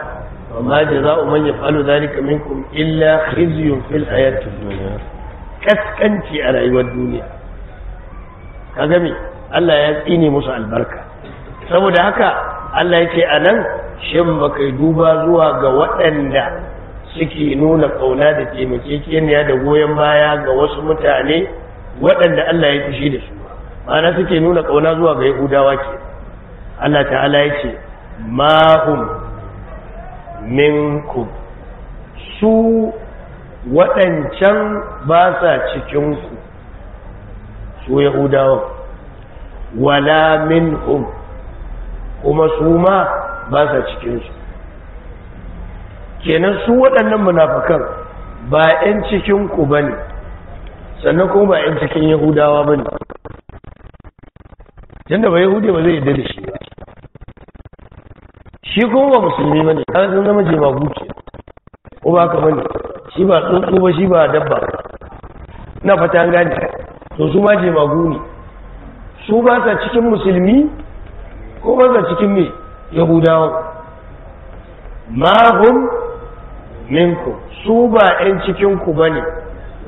wa ma jazaa'u man yaf'alu dhalika minkum illa khizyun fil hayatid dunya kaskanci a rayuwar duniya ka gami Allah ya tsine musu albarka saboda haka Allah ya ce a nan shin ba duba zuwa ga waɗanda suke nuna ƙauna da taimakekeniya da goyon baya ga wasu mutane waɗanda Allah ya fushi da su ma'ana suke nuna ƙauna zuwa ga yahudawa ke Allah ta'ala ya ce ma'um su waɗancan ba sa cikinku su Yahudawa, wala min minhum kuma su ma ba sa cikinsu kenan su waɗannan munafukan ba 'yan cikinku ba ne sannan kuma ba 'yan cikin yahudawa ba ne yadda ba yahudi ba zai yi da shi shi kuma ba musulmi ba ne ƙarfin zama jima guci ko ba ka ba ne shi ba tsuntsu ba shi ba dabba na fata gani to su ma jemagu ne su ba sa cikin musulmi ko ba sa cikin mai yahudawa mahum minku su ba 'yan cikinku ba ne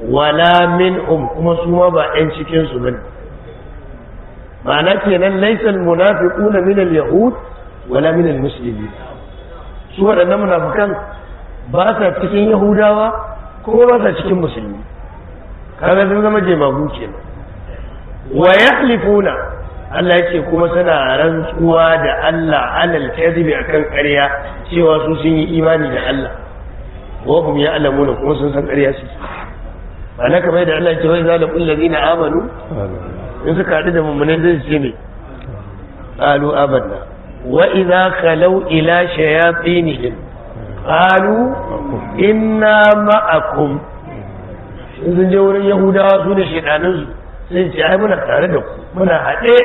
wala minhum kuma su ma ba 'yan cikinsu ba ne ma'ana kenan laisan munafi min minal yahud wala minal musulmi su waɗannan kan ba sa cikin yahudawa kuma ba sa cikin musulmi kaga sun zama jemagu kenan wa yahlifuna Allah yake kuma suna rantsuwa da Allah alal kadhibi akan ƙarya cewa su sun yi imani da Allah wa hum ya'lamuna kuma sun san ƙarya su ana kamar da Allah ke wai zalul ladina amanu in suka haɗu da mummunan zai ce me qalu amanna wa idza khalau ila shayatinihim qalu inna ma'akum in sun je wurin yahudawa su da shedanin su sai ce ai muna tare da ku muna haɗe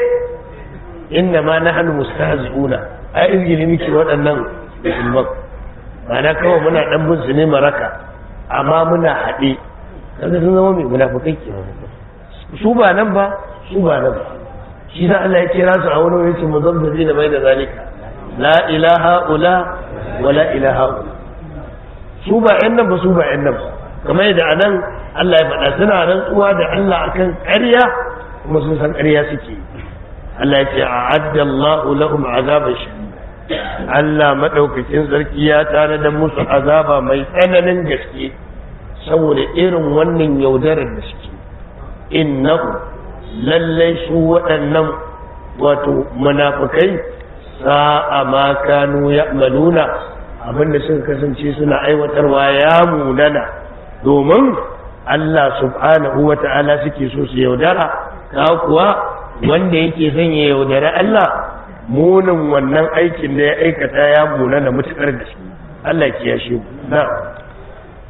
inna ma na hannu mustahzi'una ai izgili miki waɗannan musulman ma'ana kawai muna dan bin su ne maraka amma muna haɗe kaga sun zama mai munafikai ke su ba nan ba su ba nan ba shi da Allah ya kira su a wani wani ce mazabbazi da bai da zalika la ilaha ula wala ilaha ula su ba yan nan ba su ba yan nan ba kamar yadda anan Allah ya faɗa suna rantsuwa da Allah akan ƙarya kuma sun san ƙarya suke Allah ya ce a'adda Allahu lahum azaban Allah madaukakin sarki ya tare da musu azaba mai tsananin gaske saboda irin wannan yaudarar da suke innahu lallai su waɗannan wato munafukai sa'a ma kanu ya'maluna abinda suka kasance suna aiwatarwa ya munana domin Allah subhanahu wa ta'ala suke so su yaudara ka kuwa wanda yake son ya yaudara Allah munin wannan aikin da ya aikata ya munana da shi? Allah ya kiyashe mu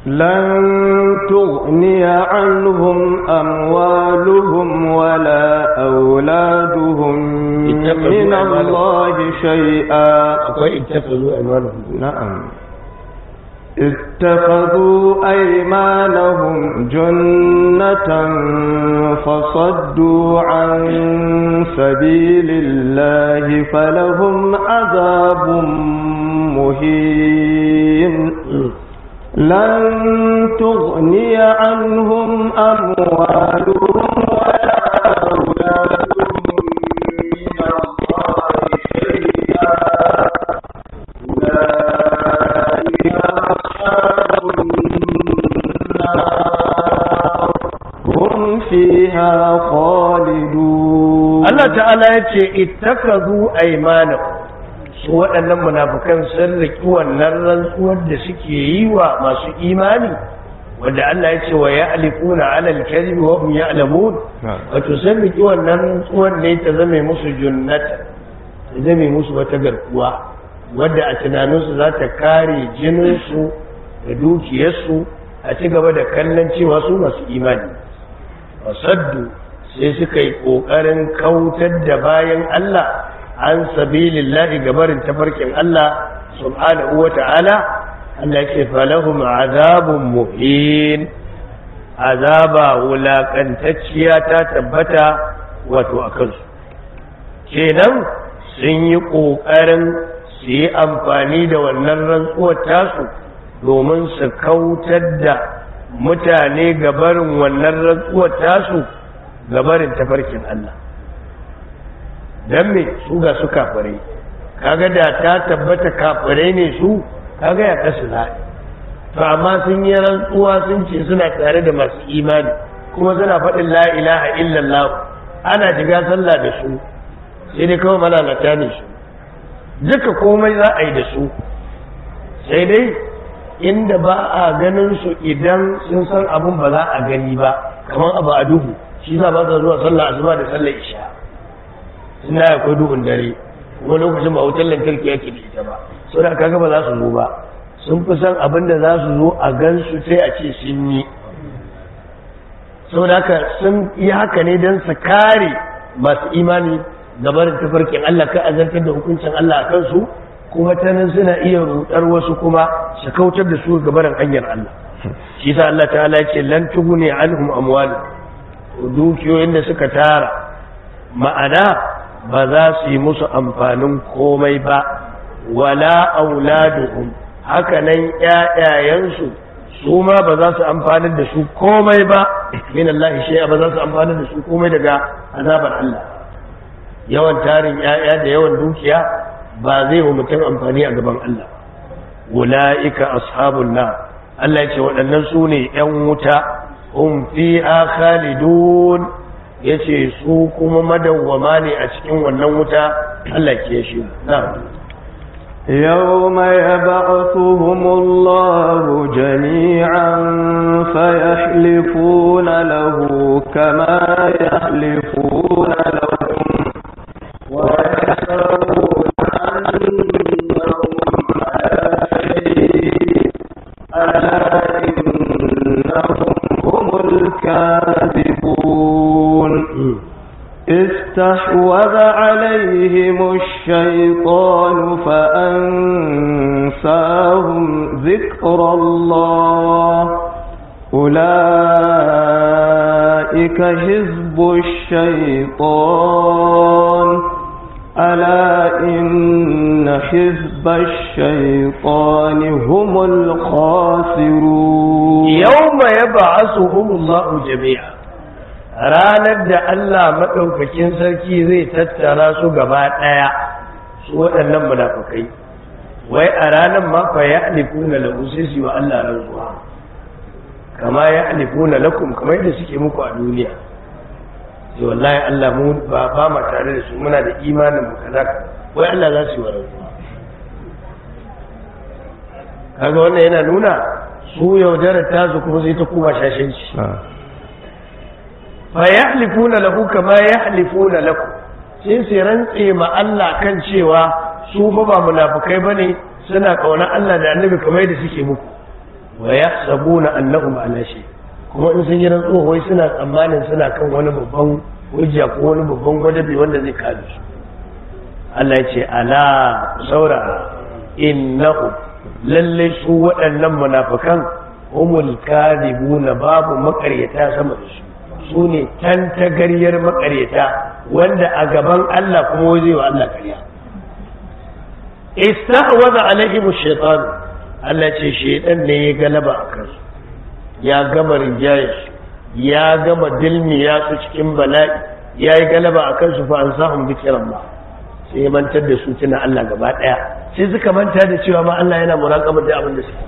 لن تغني عنهم أموالهم ولا أولادهم من الله شيئا اتخذوا أموالهم نعم اتخذوا أيمانهم جنة فصدوا عن سبيل الله فلهم عذاب مهين لن تغني عنهم أموالهم ولا أولادهم من الله شيئا أصحاب النار هم فيها خالدون الله تعالى يقول اتخذوا أيمانهم waɗannan munafukan sun riƙi wannan rantsuwar da suke yi wa masu imani wanda Allah ya ce wa ya alikuna alal kadhibi wa hum ya'lamun wato sun riƙi wannan rantsuwar ne ta zame musu junnata ta zame musu wata garkuwa wadda a tunaninsu za ta kare jininsu da dukiyarsu a ci gaba da kallon cewa su masu imani fasaddu sai suka yi ƙoƙarin kautar da bayan Allah an sabilillahi gabarin tafarkin Allah subhanahu wa ta'ala Allah ce falahum azabun muhin azaba wulakantacciya ta tabbata wato a kansu kenan sun yi ƙoƙarin su yi amfani da wannan rantsuwar tasu domin su kautar da mutane gabarin wannan rantsuwar tasu gabarin tafarkin Allah Dan me su ga su kafirai kaga da ta tabbata kafare ne su kaga ya kasu na to amma sun yi rantsuwa sun ce suna tare da masu imani kuma suna faɗin la ilaha illallah ana shiga sallah da su sai dai kawai malalata ne su duka komai za a yi da su sai dai inda ba a ganin su idan sun san abun ba za a gani ba kamar abu a duhu shi za ba zuwa sallah asuba da sallah isha suna akwai duhun dare kuma lokacin ba wutar lantarki yake da ita ba sau da kaga ba za su zo ba sun fi san abin da za su zo a gan su sai a ce sun yi sau da sun yi haka ne don su kare masu imani gabarin tafarkin Allah ka azantar da hukuncin Allah a kansu kuma ta nan suna iya rutar wasu kuma su kautar da su gabarin hanyar Allah shi sa Allah ta ala ce lan ne alhum amwal dukiyoyin da suka tara ma'ana ba za su yi musu amfanin komai ba wala auladuhum haka nan ƴaƴayensu su ma ba za su amfanin da su komai ba min Allah shay'a ba za su amfanin da su komai daga azabar Allah yawan tarin ƴaƴa da yawan dukiya ba zai wa mutum amfani a gaban Allah ulaika ashabun na Allah ya ce waɗannan su ne ƴan wuta fi a khalidun yace su kuma madawwama ne a cikin wannan wuta Allah ke shi يوم يبعثهم الله جميعا فيحلفون له كما يحلفون لكم ويشهدون أنهم على شيء ألا إنهم هم الكافرون استحوذ عليهم الشيطان فأنساهم ذكر الله أولئك حزب الشيطان ألا إن حزب الشيطان هم الخاسرون يوم يبعثهم الله جميعا ranar da Allah maɗaukakin sarki zai tattara su gaba ɗaya su waɗannan munafukai wai a ranar ma fa ya alifuna lahu sai wa Allah rantsuwa kama ya alifuna lakum kamar yadda suke muku a duniya sai wallahi Allah mu ba ba ma tare da su muna da imanin mu kaza wai Allah za su yi wa kaga wannan yana nuna su yaudara tazo kuma sai ta kuma shashanci fa yahlifuna lahu kama yahlifuna lakum sai su rantse ma Allah kan cewa su fa ba munafikai bane suna ƙauna Allah da annabi kamar da suke muku wa yahsabuna annahum ala shay kuma in sun yi rantsuwa wai suna tsammanin suna kan wani babban hujja ko wani babban gwadabi wanda zai kare su Allah ya ce ala saurara innahu lalle su waɗannan munafikan humul na babu makaryata sama da su su ne gariyar makareta wanda a gaban Allah kuma waje wa Allah karya istahwaza alaihim shaitan Allah ce shaitan ne ya galaba a kansu ya gama rinjaye su ya gama ya su cikin bala'i ya yi galaba a kansu fa an sahun bikiran ba sai ya mantar da su tuna Allah gaba daya sai suka manta da cewa ma Allah yana muraƙabar da abin da suke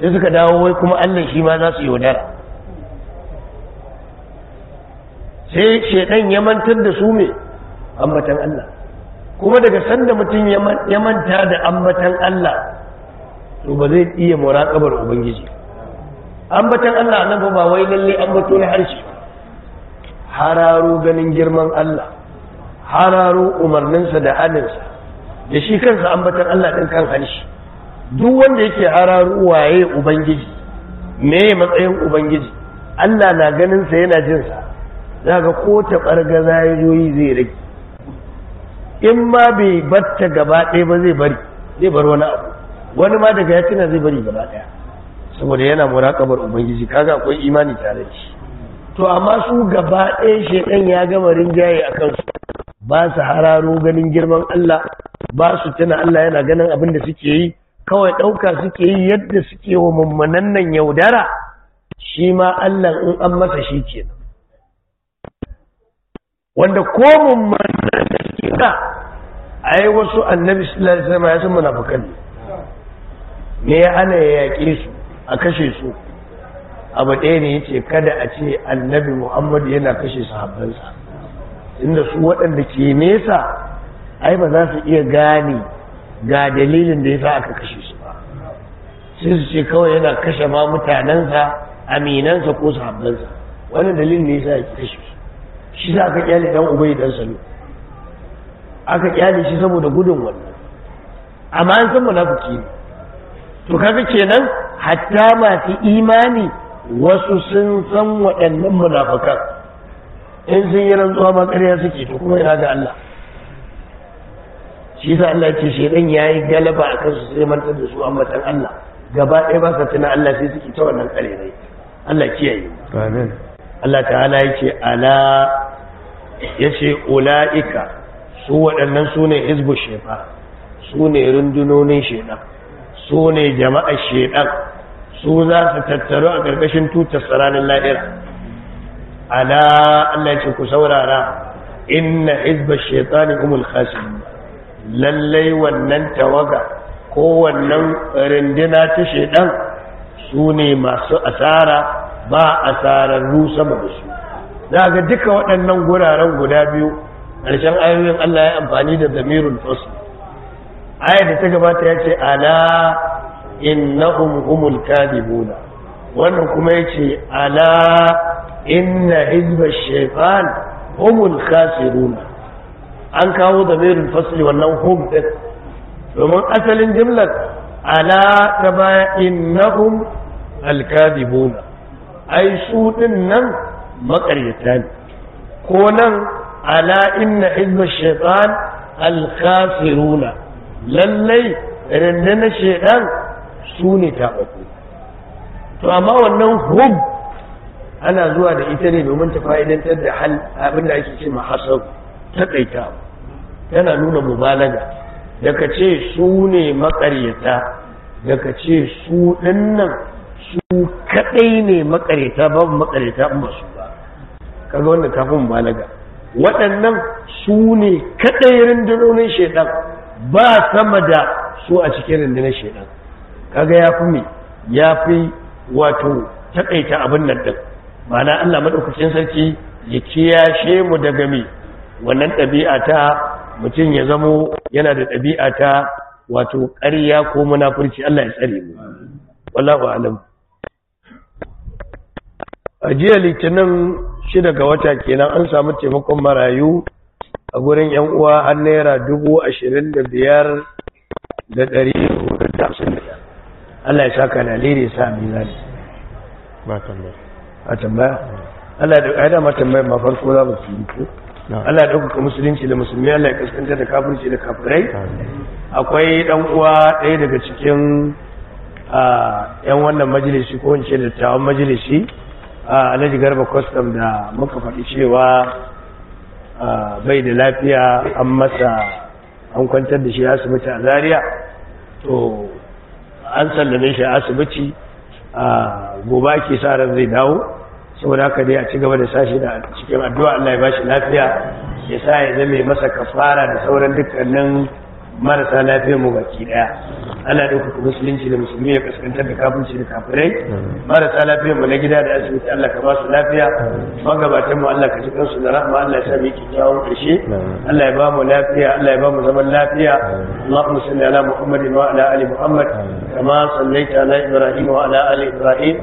sai suka dawo wai kuma Allah shi ma za su yi wadara sai shaidan ya mantar da su me ambatan Allah kuma daga sanda mutum ya manta da ambatan Allah to ba zai iya muraƙabar ubangiji ambatan Allah nan ba wai lalle ambato ya harshe hararo ganin girman Allah hararo umarninsa da halinsa da shi kansa ambatan Allah ɗin kan harshe duk wanda yake hararo waye ubangiji me matsayin ubangiji Allah na ganinsa yana jinsa za ga ko taɓar gaza ya zo yi zai rage in ma bai batta gaba ɗaya ba zai bari zai bar wani abu wani ma daga yakina zai bari gaba ɗaya saboda yana muraƙabar ubangiji kaga akwai imani tare da shi to amma su gaba ɗaya shaidan ya gama rinjaye a kansu ba su hararo ganin girman Allah ba su tuna Allah yana ganin abin da suke yi kawai ɗauka suke yi yadda suke wa mummunan nan yaudara shi ma Allah in an masa shi kenan wanda ko mummanan da suke na ai wasu annabi sallallahu alaihi wasallam ya ne me ya ana ya yaƙe su a kashe su abu ɗaya ne yace kada a ce annabi Muhammad yana kashe sahabbansa inda su waɗanda ke nesa ai ba za su iya gane ga dalilin da yasa aka kashe su ba sai su ce kawai yana kashe ma mutanensa aminansa ko sahabbansa wannan dalilin ne yasa ya kashe su shi za aka kyale dan ubai dan salo aka kyale shi saboda gudun wannan amma an san munafiki ne to kaga kenan hatta masu imani wasu sun san waɗannan munafikan in sun yi rantsuwa ma ƙarya suke to kuma ina ga Allah shi yasa Allah ce shedan yayi galaba akan su sai mantar da su ambatan Allah gaba ɗaya ba sa tuna Allah sai suke ta wannan ƙarerai Allah kiyaye amin Allah ta'ala ya ce ala ya ce ula'ika su waɗannan su ne izbu shefa su ne rundunonin shedan su ne jama'ar shedan su za su tattaru a ƙarƙashin tutar tsaranin la'ira ala Allah ya ce ku saurara inna izba shaitani umul khasirun lallai wannan tawaga ko wannan rindina ta shaidan su ne masu asara ba sararru sama da su za ga duka waɗannan guraren guda biyu ƙarshen ayoyin Allah ya amfani da zamirul fasl aya da ta gabata ya ce ala innahum humul kadibuna wannan kuma ya ce ala inna hizba shefan humul khasiruna an kawo zamirul fasl wannan hum ɗin. domin asalin jimlar ala ta baya innahum alkadibuna ai su din nan makaryata ne ko nan ala inna hizba shaitan alkafiruna lallai na shaitan su ne taɓaɓɓu to amma wannan hub ana zuwa da ita ne domin ta fa'idantar da hal abin da ake ce ta taƙaita tana nuna mubalaga daga ce su ne makaryata daga ce su ɗin nan su kaɗai ne makareta babu makareta in ba su ba kaga wannan kafin balaga waɗannan su ne kadai rundunonin shaidan ba sama da su a cikin rundunar shaidan kaga ya fi me ya fi wato taƙaita abin nan din ma'ana Allah maɗaukacin sarki ya kiyashe mu daga me wannan ɗabi'a ta mutum ya zamo yana da ɗabi'a ta wato ƙarya ko munafurci Allah ya tsare mu wallahu a'lam a jiya litinin shida ga wata kenan an samu taimakon marayu a gurin yan uwa an naira dubu ashirin da biyar da ɗari da hamsin da Allah ya saka na lere sa mizani ba tambaya a tambaya Allah da ƙaida ma tambayar ma farko za mu fi ko Allah ya ɗaukaka musulunci da musulmi Allah ya kaskanta da kafirci da kafirai akwai ɗan uwa ɗaya daga cikin yan ah, wannan majalisi ko in ce tawon majalisi alhaji garba kwastam da muka faɗi cewa bai da lafiya an masa an kwantar da shi asibiti a Zariya to an sallame shi asibiti gobe ake sa ran zai dawo saboda haka dai a ci gaba da sashi da cikin addu'a Allah ya bashi lafiya ya sa ya zame masa kafara da sauran dukkanin marasa lafiyar mu baki daya ana ɗaukaka musulunci da musulmi da kaskantar da kafinci da kafirai marasa lafiyar mu na gida da asibiti Allah ka su lafiya magabatan mu Allah ka ji kansu da rahma Allah ya sa mu karshe Allah ya ba mu lafiya Allah ya ba mu zaman lafiya Allahumma salli ala Muhammadin wa ala ali Muhammad kama sallaita ala Ibrahim wa ala ali Ibrahim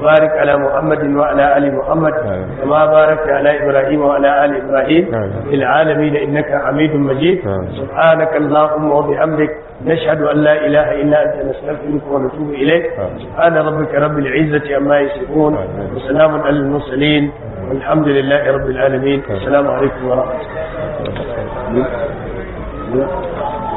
وبارك على محمد وعلى آل محمد كما باركت على إبراهيم وعلى آل إبراهيم في العالمين إنك حميد مجيد سبحانك اللهم وبحمدك نشهد أن لا إله إلا أنت نستغفرك ونتوب إليك سبحان ربك رب العزة عما يصفون وسلام على المرسلين والحمد لله رب العالمين السلام عليكم ورحمة الله